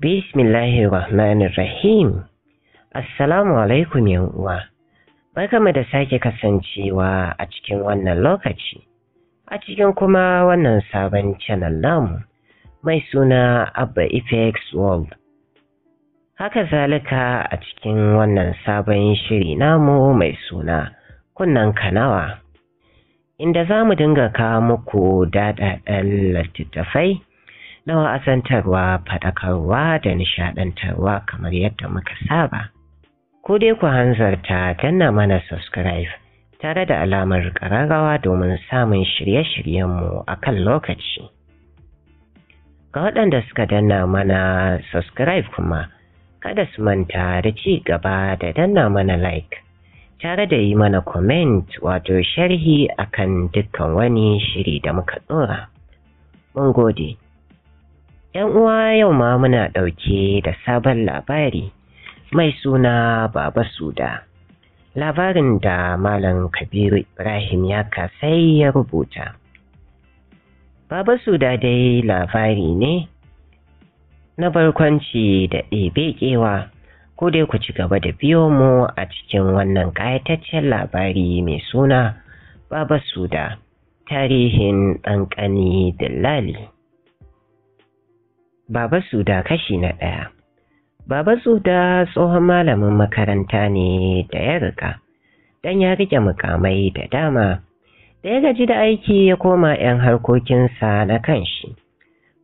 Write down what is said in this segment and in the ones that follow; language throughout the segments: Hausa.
Bismillahirrahmanirrahim. Rahim. Assalamu alaikum uwa. Barkamu da sake kasancewa a cikin wannan lokaci. A cikin kuma wannan sabon channel namu mai suna Abba Ifex World. Haka zalika a cikin wannan sabon shiri namu mai suna kunnan kanawa. Inda za mu dinga kawo muku daɗaɗen littattafai na wa'azantarwa faɗakarwa da nishaɗantarwa kamar yadda muka saba. Ku dai ku hanzarta danna mana subscribe tare da alamar ƙararrawa domin samun shirye-shiryenmu a kan lokaci. Ga waɗanda suka danna mana subscribe kuma, kada su manta da ci gaba da danna mana like. tare da yi mana comment wato sharhi akan dukkan wani shiri da muka tsora. Mun gode. 'Yan uwa yau ma muna ɗauke da sabon labari mai suna Baba Suda. Labarin da Malam Kabiru Ibrahim ya kasai ya rubuta. Baba Suda dai labari ne na barkwanci da ɗebe kewa ko dai ku ci gaba da biyo mu a cikin wannan ƙayataccen labari mai suna Baba Suda tarihin ɗanƙani Dillali. Baba da kashi na ɗaya. Baba da tsohon malamin makaranta ne da ya rika, don ya riƙe mukamai da dama. Da ya gaji da aiki ya koma 'yan harkokinsa na kanshi.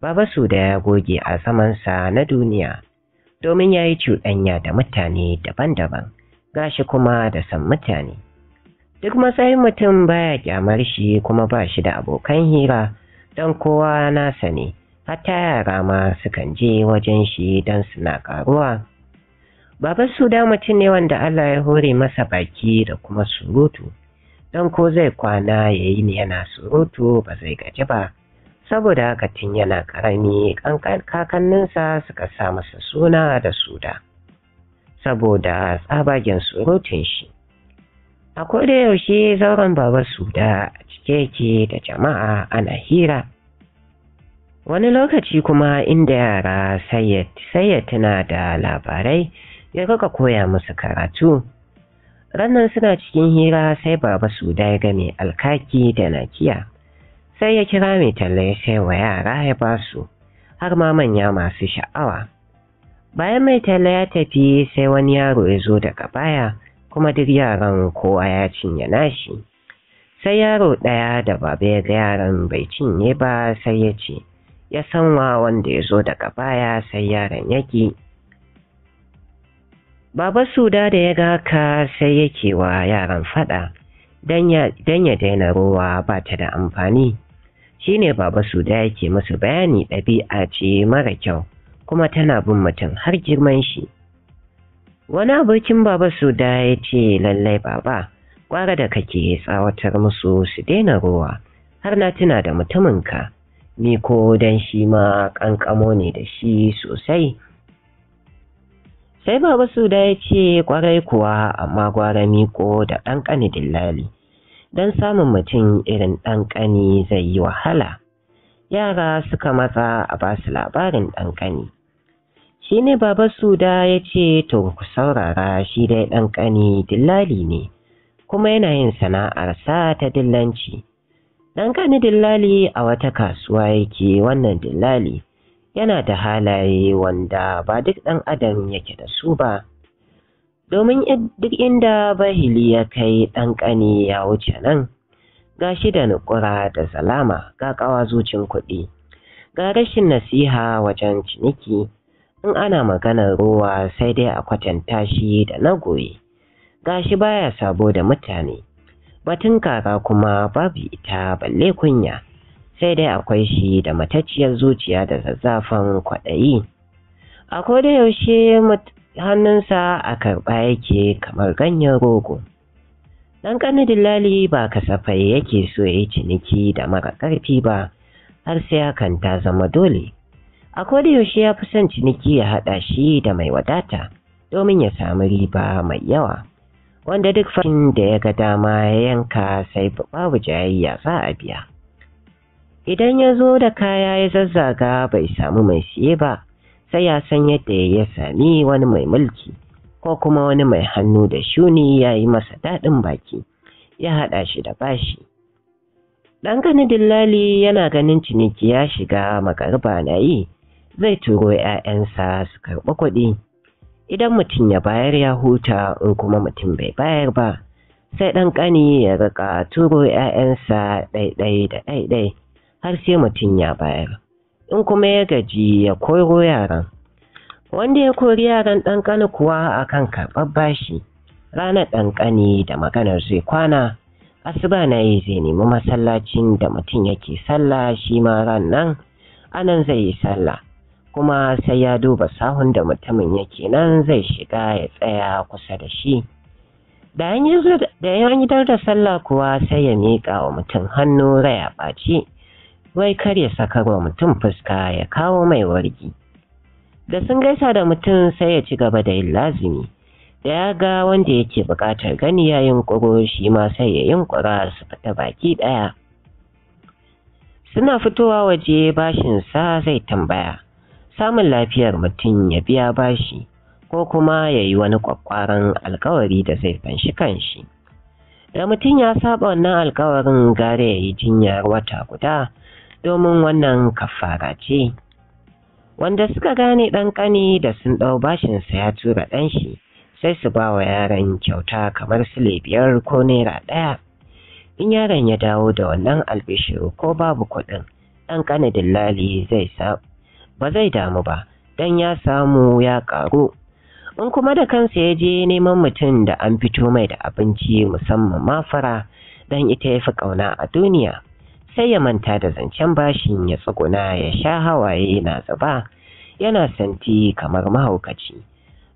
Baba da ya goge a samansa na duniya, domin ya yi cuɗanya da mutane daban-daban, gashi kuma da san mutane. Duk matsayin mutum baya kyamar shi kuma ba shi da abokan hira, don kowa nasa ne. hatta yara ma sukan je wajen shi don suna karuwa. Baban da mutum ne wanda Allah ya hore masa baki da kuma surutu, don ko zai kwana ya yi yana surutu ba zai gaji ba, saboda haka tun yana karami kakanninsa suka sa masa suna da Suda, saboda tsabagen surutun shi. A koda yaushe zauren Baba Suda a cike yake da jama'a ana hira. wani lokaci kuma inda yara sai tana da labarai ya kuka koya musu karatu rannan suna cikin hira sai baba su ya mai alkaki da nakiya sai ya kira mai Talle ya sai wa yara ya ba su har ma manya masu sha'awa bayan mai Talle ya tafi sai wani yaro ya zo daga baya kuma duk yaran kowa ya cinye nashi sai yaro ɗaya da baba ya ga yaran bai cinye ba sai ya ce ya san wa wanda ya zo daga baya sai yaron yaki baba suda da ya ga haka sai yake wa yaran faɗa, don ya daina ruwa ba ta da amfani Shi ne baba suda yake musu bayani ɗabi'a ce mara kyau kuma tana bin mutum har girman shi wani abokin baba suda ya ce lallai baba kwara da kake tsawatar musu su daina ruwa har na tuna da mutuminka ni ko dan shi ma ƙanƙamo ne da shi sosai sai baba Suda da ya ce kwarai kuwa amma gwara miko da ɗan dillali don samun mutum irin ɗan ƙani zai yi wahala yara suka matsa a ba su labarin ɗan ƙani shi ne baba Suda da ya ce to ku saurara shi dai ɗan ƙani dillali ne kuma yana yin sana'arsa ta dillanci Dan kani dillali a wata kasuwa yake wannan dillali yana da halaye wanda ba duk ɗan adam yake da su ba. Domin duk inda bahili ya kai ɗan ƙani ya wuce nan, ga shi da nukura da salama ga zucin kuɗi, ga rashin nasiha wajen ciniki, in ana maganar ruwa sai dai a kwatanta shi da na goyi, ga shi baya sabo da mutane. batun kaka kuma babu ita balle kunya sai dai akwai shi da matacciyar zuciya da zazzafan kwaɗayi a da yaushe hannunsa a karɓa yake kamar ganyen rogo ɗan ƙanin dillali ba kasafai yake so ya yi ciniki da mara ƙarfi ba har sai hakan ta zama dole a da yaushe ya fi son ciniki ya haɗa shi da mai wadata domin ya samu riba mai yawa wanda duk farin da ya ga dama ya yanka sai babu jayayya za a biya idan ya zo da kaya ya zazzaga bai samu mai siye ba sai ya san yadda ya sami wani mai mulki ko kuma wani mai hannu da shuni ya yi masa daɗin baki ya haɗa shi da bashi ɗan gani dillali yana ganin ciniki ya shiga magarba na yi zai turo 'ya'yansa su karɓi kuɗi idan mutum ya bayar ya huta in kuma mutum bai bayar ba sai ɗan ƙani ya riƙa turo 'ya'yansa ɗaiɗai da ɗaiɗai har sai mutum ya bayar in kuma ya gaji ya koro yaran wanda ya kori yaran ɗan ƙani kuwa a kan karɓar bashi ranar ɗan ƙani da maganar zai kwana asuba na yi zai nemi masallacin da mutum yake sallah shi ma ran nan anan zai yi sallah kuma sai ya duba sahun da mutumin yake nan zai shiga ya tsaya kusa da shi da yan yi da sallah kuwa sai ya miƙa wa mutum hannu raya ɓaci wai kar ya sakar wa mutum fuska ya kawo mai wargi da sun gaisa da mutum sai ya ci gaba da yin lazimi da ya ga wanda yake buƙatar gani yayin yunƙuro shi ma sai ya yunƙura su fita baki ɗaya suna fitowa waje bashinsa zai tambaya samun lafiyar mutum ya biya bashi ko kuma ya yi wani kwakwaran alkawari da zai fanshi kanshi da mutum ya saba wannan alkawarin gare ya yi jinyar wata guda domin wannan kafara ce wanda suka gane ɗan ƙani da sun ɗau bashinsa ya tura ɗan shi sai su ba wa yaron kyauta kamar sile biyar ko naira ɗaya in yaron ya dawo da wannan albishiru ko babu kuɗin ɗan ƙani dillali zai ba zai damu ba dan ya samu ya ƙaru in kuma da kansa ya je neman mutum da an fito mai da abinci musamman ma fara dan ita ya fi ƙauna a duniya sai ya manta da zancen bashin ya tsuguna ya sha hawaye na zuba yana santi kamar mahaukaci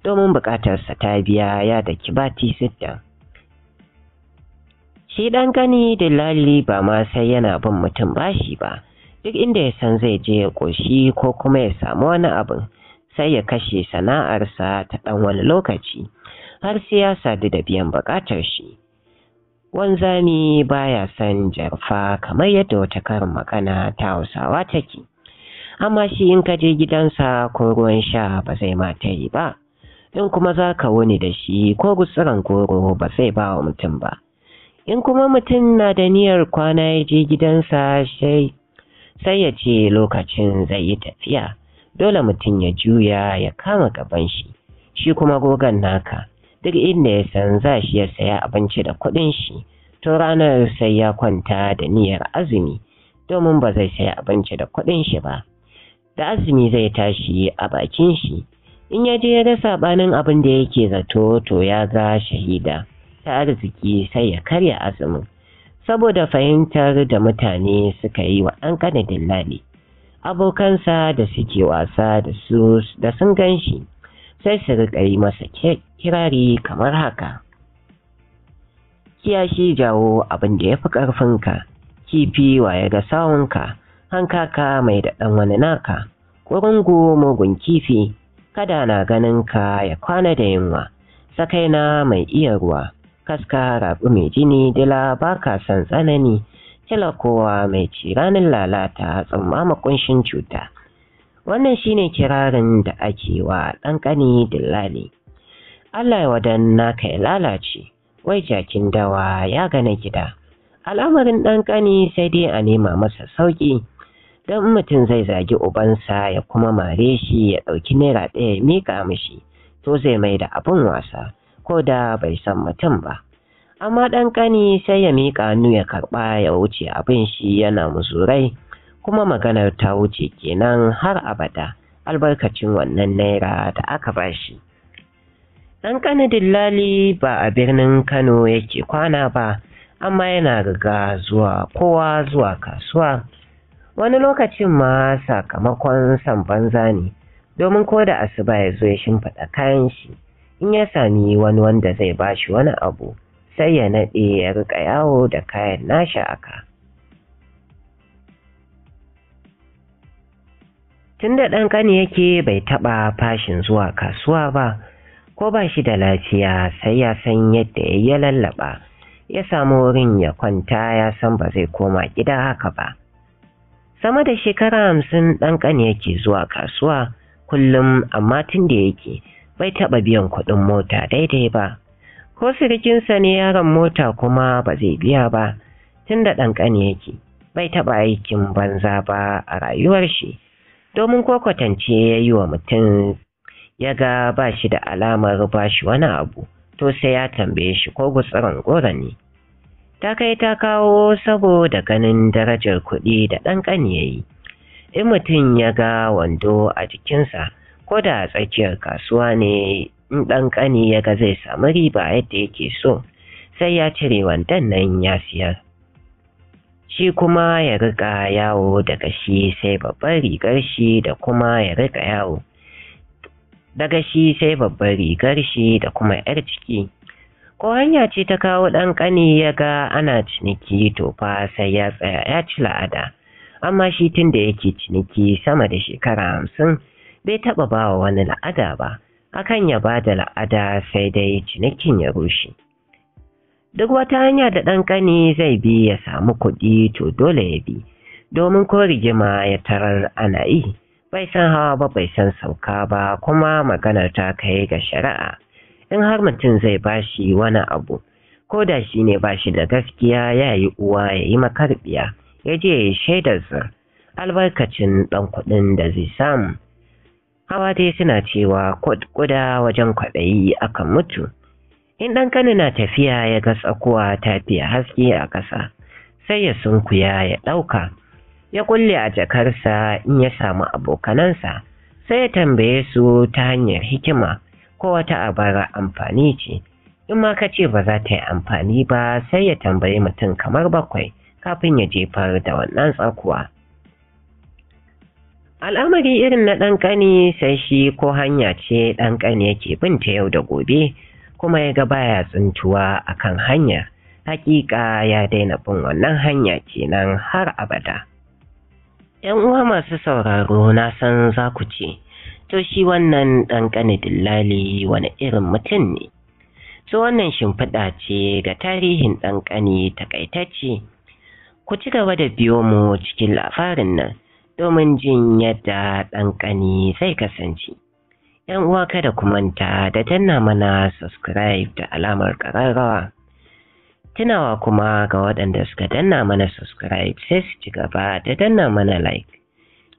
domin buƙatarsa ta biya ya da kibati sittin shi ɗan gani da lalli ba ma sai yana bin mutum bashi ba duk inda ya san zai je ya ƙoshi ko kuma ya samu wani abin sai ya kashe sana'arsa ta ɗan wani lokaci har sai ya sadu da biyan buƙatar shi wanzami baya san jarfa kamar yadda wata karin magana ta hausawa take amma shi in ka je gidansa ko ruwan sha ba zai ma yi ba in kuma za ka wuni da shi ko gutsiran goro ba zai ba wa mutum ba in kuma mutum na da niyyar kwana ya je gidansa sai sai ya ce lokacin zai yi tafiya dole mutum ya juya ya kama gaban shi shi kuma gogon naka duk inda ya san za shi ya saya abinci da kuɗin shi to ranar sai ya kwanta da niyyar azumi domin ba zai saya abinci da kuɗin shi ba da azumi zai tashi a bakin shi in ya je ya ga sabanin abin da yake zato to ya ga shahida ta arziki sai ya karya azumin saboda fahimtar da mutane suka yi wa ɗan ƙanadin dillali abokansa da suke wasa da su da sun gan shi sai su riƙa yi masa kirari kamar haka kiyashi jawo abin da ya fi ƙarfinka kifi waye ga sawunka hankaka mai daɗan wani naka ƙurungu mugun kifi kada na ganin ka ya kwana da yunwa sakaina mai iya ruwa kaska rabu mai jini dila baka san tsanani kila kowa mai ci ranar lalata tsammama kunshin cuta wannan shine kirarin da ake wa ɗan ƙani dillali Allah ya wadan naka ya lalace wai jakin dawa ya gane gida al'amarin ɗan ƙani sai dai a nema masa sauƙi don mutum zai zagi ubansa ya kuma mare shi ya ɗauki naira ɗaya mika mishi to zai mai da abin wasa ko da bai san mutum ba amma ɗan ƙani sai ya miƙa hannu ya karɓa ya wuce abin shi yana muzurai kuma maganar ta wuce kenan har abada albarkacin wannan naira da aka ba shi ɗan ƙani dillali ba a birnin kano yake kwana ba amma yana riga zuwa kowa zuwa kasuwa wani lokacin ma sakamakon san banza ne domin ko da asuba ya zo ya shimfiɗa kayan shi in ya sami wani wanda zai ba shi wani abu sai ya naɗe ya rika yawo da kayan nashi aka tun da ɗan ƙani yake bai taɓa fashin zuwa kasuwa ba ko ba shi da lafiya sai ya san yadda ya yi lallaɓa ya samu wurin ya kwanta ya san ba zai koma gida haka ba sama da shekara hamsin ɗan ƙani yake zuwa kasuwa kullum amma tun da yake bai taɓa biyan kuɗin mota daidai ba ko sirikinsa ne yaron mota kuma ba zai biya ba tun da ɗanƙani yake bai taɓa aikin banza ba a rayuwar shi domin ko kwatance ya yi wa mutum ya ga ba shi da alamar ba shi wani abu to sai ya tambaye shi ko gutsiran gora ne ta kai ta kawo saboda ganin darajar kuɗi da ɗan ya yi in mutum ya ga wando a jikinsa ko da a tsakiyar kasuwa ne in ɗan ƙani ya ga zai samu riba yadda yake so sai ya cire wandan nan ya siyar shi kuma ya riƙa yawo daga shi sai babbar rigar shi da kuma ya riƙa yawo daga shi sai babbar rigar shi da kuma 'yar ciki ko hanya ce ta kawo ɗan ƙani ya ga ana ciniki to fa sai ya tsaya ya ci la'ada amma shi tun da yake ciniki sama da shekara hamsin bai taɓa ba wa wani la'ada ba akan ya ba da la'ada sai dai cinikin ya rushe duk wata hanya da ɗan ƙani zai bi ya samu kuɗi to dole ya bi domin ko rigima ya tarar ana yi bai san hawa ba bai san sauka ba kuma maganar ta kai ga shari'a in har mutum zai ba shi wani abu ko da shi ne bashi da gaskiya ya yi uwa ya yi makarbiya ya je ya shaidar albarkacin ɗan kuɗin da zai samu hawa dai suna cewa kwadkwada wajen kwaɗayi akan mutu in ɗan kani na tafiya ya ga tsakuwa ta fiye haske a ƙasa sai ya sunkuya ya ɗauka ya kulle a jakarsa in ya samu abokanansa sai ya tambaye su ta hanyar hikima ko wata abara amfani ce in ma ka ce ba za ta yi amfani ba sai ya tambayi mutum kamar bakwai kafin ya jefar da wannan tsakuwa al'amari irin na ɗanƙani sai shi ko hanya ce ɗanƙani yake bin ta yau da gobe kuma ya ga baya tsintuwa a kan hanya Haƙiƙa ya daina bin wannan hanya kenan har abada yan uwa masu sauraro na san za ku ce to shi wannan ɗanƙani dillali wani irin mutum ne to wannan shimfiɗa ce ga tarihin ɗanƙani takaitacce ku ci gaba da biyo mu cikin labarin nan domin jin yadda ɗan ƙani zai kasance. ‘Yan uwa kada ku manta da danna mana subscribe da alamar ƙararrawa. Tunawa kuma ga waɗanda suka danna mana subscribe sai su ci gaba da danna mana like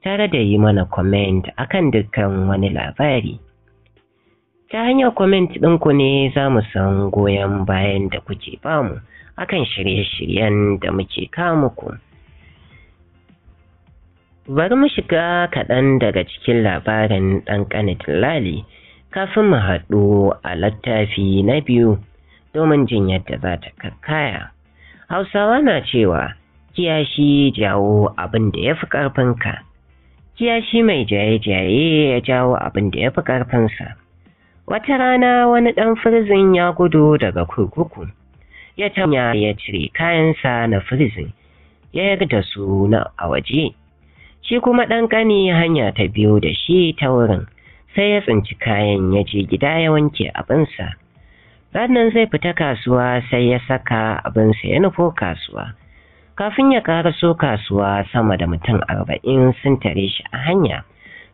tare da yi mana comment akan dukkan wani labari. Ta hanyar comment ɗinku ne za mu san goyon bayan da kuke bamu akan shirye-shiryen da muke kamuku. bari mu shiga kaɗan daga cikin labarin ɗan lali kafin mu haɗu a littafi na biyu domin jin yadda za ta kakkaya hausawa na cewa kiyashi jawo abin da ya fi ƙarfinka kiyashi mai jaye-jaye ya jawo abin da ya fi ƙarfinsa wata rana wani ɗan firzin ya gudu daga kurkuku ya tanya ya cire kayansa na firzin ya yarda su na a waje shi kuma ɗan ƙani hanya ta biyu da shi ta wurin sai ya tsinci kayan ya je gida ya wanke abinsa ranar zai fita kasuwa sai ya saka abinsa ya nufo kasuwa kafin ya ƙara so kasuwa sama da mutum arba'in sun tare shi a hanya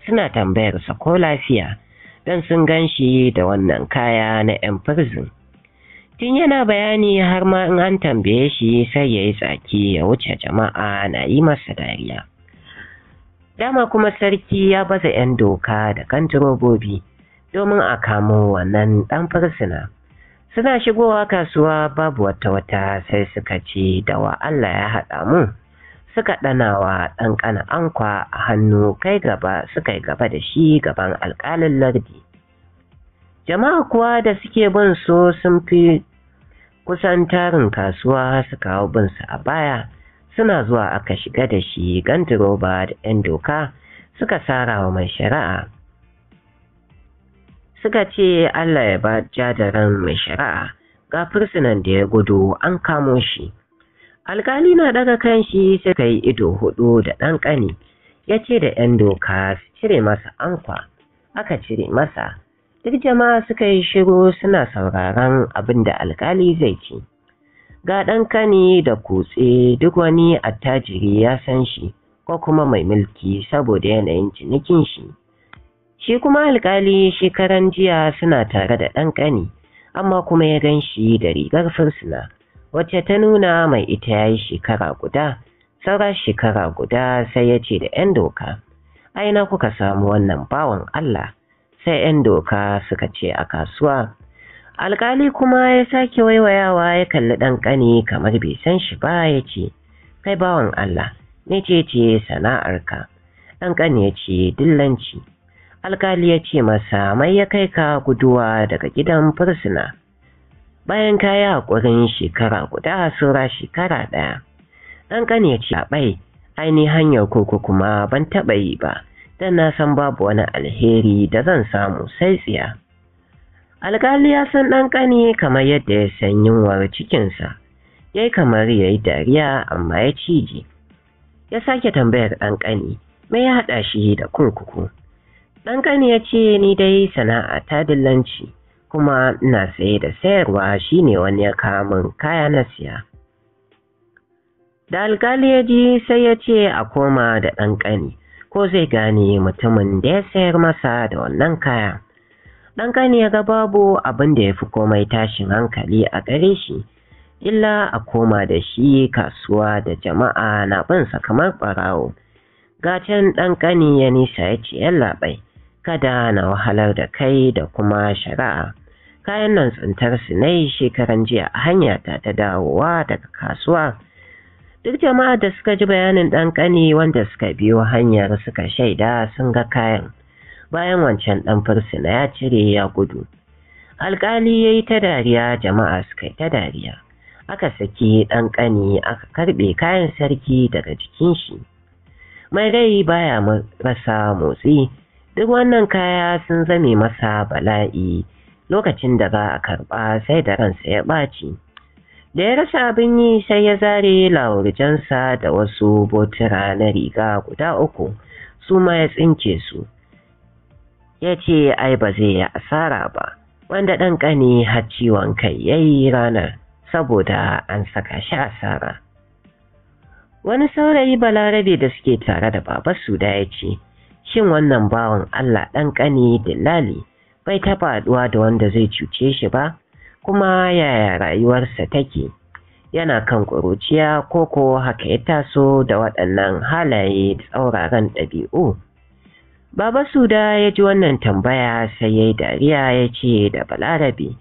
suna tambayarsa ko lafiya don sun gan shi da wannan kaya na 'yan firzin tun yana bayani har ma in an tambaye shi sai ya yi tsaki ya wuce jama'a na yi masa dariya Dama kuma sarki ya baza 'yan doka da robobi, domin a kamo wannan 'dan fursuna. Suna shigowa kasuwa babu wata wata sai suka ce da wa Allah ya haɗa mu. Suka ɗanawa ɗan ƙana ankwa a hannu kai gaba suka yi gaba da shi gaban alƙalin lardi. Jama'a kuwa da suke bin so sun fi kusan tarin kasuwa suka hau bin su a baya suna zuwa aka shiga da shi gandiroba da 'yan doka suka sara wa mai shari'a suka ce Allah ya ba jadaran mai shari'a ga fursunan da ya gudu an kamo shi alkali na daga kan shi suka yi ido hudu da ɗan ƙani ya ce da 'yan doka su cire masa ankwa aka cire masa duk jama'a suka yi shiru suna sauraron abin da alkali zai ce ga ɗan kani da kutse duk wani attajiri ya san shi ko kuma mai mulki saboda yanayin cinikin shi shi kuma alkali shekaran jiya suna tare da ɗan ƙani, amma kuma ya gan shi da rigar fursuna wacce ta nuna mai ita ya yi shekara guda saura shekara guda sai ya ce da 'yan doka aina kuka samu wannan bawan allah sai 'yan doka suka ce a kasuwa Alƙali kuma ya sake waiwayawa ya kalli ɗan ƙani kamar bai san shi ba ya ce kai bawan Allah ne ce ce sana'arka ɗan ƙani ya ce dillanci alƙali ya ce masa mai ya kai ka guduwa daga gidan fursuna bayan ka yi haƙurin shekara guda saura shekara ɗaya ɗan ƙani ya ce bai aini hanyar koko kuma ban taɓa yi ba don na san babu wani alheri da zan samu sai tsiya alƙali ya san ɗan ƙani kamar yadda ya san yunwar cikinsa ya yi kamar ya yi dariya amma ya ciji ya sake tambayar ɗan ƙani mai ya haɗa shi da kurkuku ɗan ƙani ya ce ni dai sana'a ta dillanci kuma ina saye da sayarwa shine wani ya kamun kaya na siya da alƙali ya ji sai ya ce a koma da ɗan ƙani ko zai gane mutumin da ya sayar masa da wannan kaya. ɗan kani ya ga babu abin da ya fi komai tashin hankali a gare shi illa a koma da shi kasuwa da jama'a na sa kamar ɓarawo can ɗan ƙani ya nisa ya ce yallaɓai kada na wahalar da kai da kuma shari'a kayan nan tsintar su ne shekaran jiya a hanya ta ta dawowa daga kasuwa duk jama'a da suka ji bayanin ɗan kani wanda suka biyo hanyar suka shaida sun ga kayan bayan wancan dan fursuna ya cire ya gudu. Alƙali ya yi ta dariya jama'a suka yi ta dariya. Aka saki ɗan ƙani aka karɓe kayan sarki daga jikin shi. Mai rai baya rasa motsi, duk wannan kaya sun zame masa bala'i lokacin da za a karɓa sai da ransa ya ɓaci. Da ya rasa abin yi sai ya zare lawurjansa da wasu botura na riga guda uku, su ma ya tsinke su. ya ce ai ba zai yi asara ba wanda ɗan ƙani har ciwon kai ya yi ranar saboda an saka shi asara wani saurayi balarabe da suke tare da baba su da ya ce shin wannan bawan allah ɗan ƙani dillali bai taɓa haɗuwa da wanda zai cuce shi ba kuma yaya rayuwarsa take yana kan ƙuruciya koko haka ya taso da waɗannan halaye tsauraran ɗabi'u Baba Suda ya ji wannan tambaya sai ya yi dariya ya ce da Balarabi: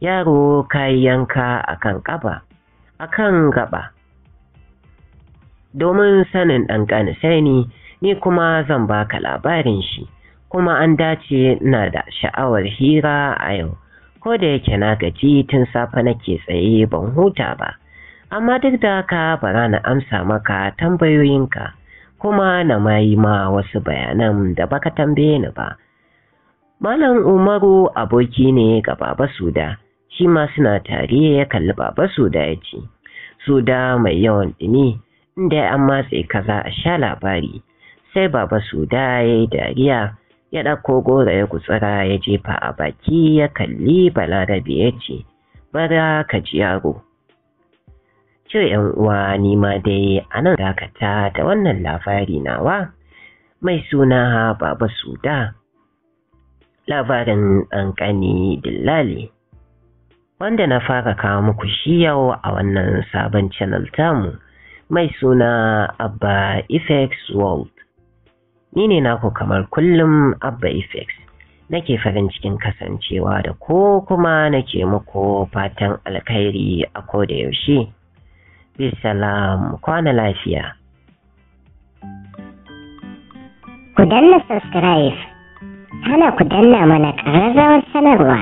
yaro ka yi yanka a kan ƙaba, a kan gaba. Domin sanin ɗan ne, ni kuma zan baka labarin shi, kuma an dace na da sha'awar hira a yau, ko da yake na gaji tun safe nake tsaye ban huta ba, amma duk da haka bara na amsa maka tambayoyinka. kuma na mai ma wasu bayanan da baka tambaye ni ba. Malam Umaru aboki ne ga Baba Suda, shi ma suna tare ya kalli Baba Suda ya ce, Suda mai yawan dini, inda an matse kaza a sha labari, sai Baba Suda ya yi dariya, ya ɗauko goro ya gutsura ya jefa a baki ya kalli Balarabe ya ce, Bara ka ji yaro, To ‘yan uwa ni ma dai a nan dakata da wannan labari nawa mai suna Baba Suda. Labarin ƙanƙani dillali wanda na fara kawo muku shi yau a wannan sabon channel tamu mai suna Abba Effects World. Ni ne naku kamar kullum Abba Effects. Nake farin cikin kasancewa da ko kuma nake muku fatan alkhairi a koda yaushe. Bisalam kwana lafiya. Ku danna subscribe, hana ku danna mana ƙararrawar sanarwa,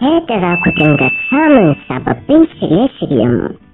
yadda za ku dinga samun sababbin shirye-shiryenmu.